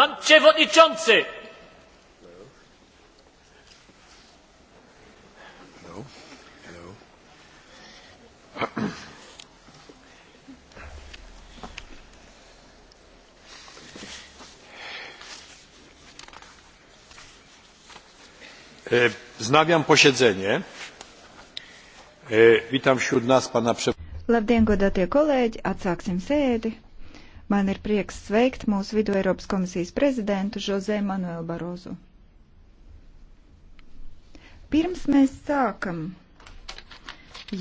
Pan przewodniczący! No. No. No. Wznawiam posiedzenie. E, witam wśród nas pana przewodniczącego. Labdien, godātie kolēģi, atsāksim sēdi. Man ir prieks sveikt mūsu vidu Eiropas komisijas prezidentu Žozē Manuelu Barozu. Pirms mēs sākam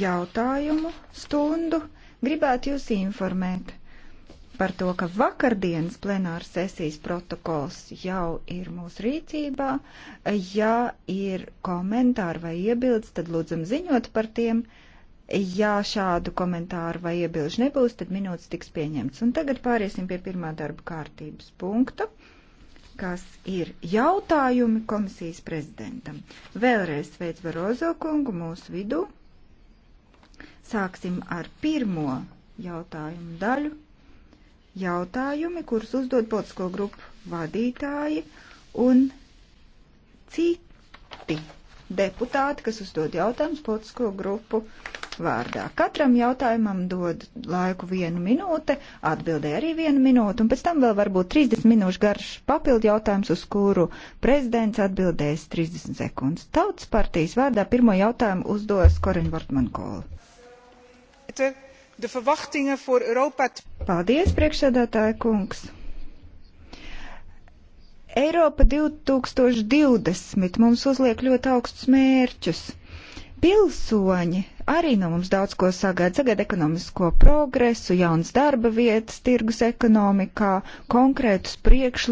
jautājumu stundu, gribētu jūs informēt par to, ka vakardienas plenāra sesijas protokols jau ir mūsu rīcībā. Ja ir komentāri vai iebildes, tad lūdzam ziņot par tiem. Ja šādu komentāru vai iebilžu nebūs, tad minūtes tiks pieņemts. Un tagad pāriesim pie pirmā darba kārtības punkta, kas ir jautājumi komisijas prezidentam. Vēlreiz sveic Barozo kungu mūsu vidū. Sāksim ar pirmo jautājumu daļu. Jautājumi, kurus uzdod politisko grupu vadītāji un citi deputāti, kas uzdod jautājumus politisko grupu vārdā. Katram jautājumam dod laiku vienu minūte, atbildē arī vienu minūtu, un pēc tam vēl varbūt 30 minūšu garš papildu jautājums, uz kuru prezidents atbildēs 30 sekundes. Tautas partijas vārdā pirmo jautājumu uzdos Korin Vortmankola. Paldies, priekšsēdētāja kungs! Eiropa 2020 mums uzliek ļoti augstus mērķus. Pilsoņi arī no mums daudz ko sagaida. Sagaida ekonomisko progresu, jaunas darba vietas, tirgus ekonomikā, konkrētus priekšlikumus.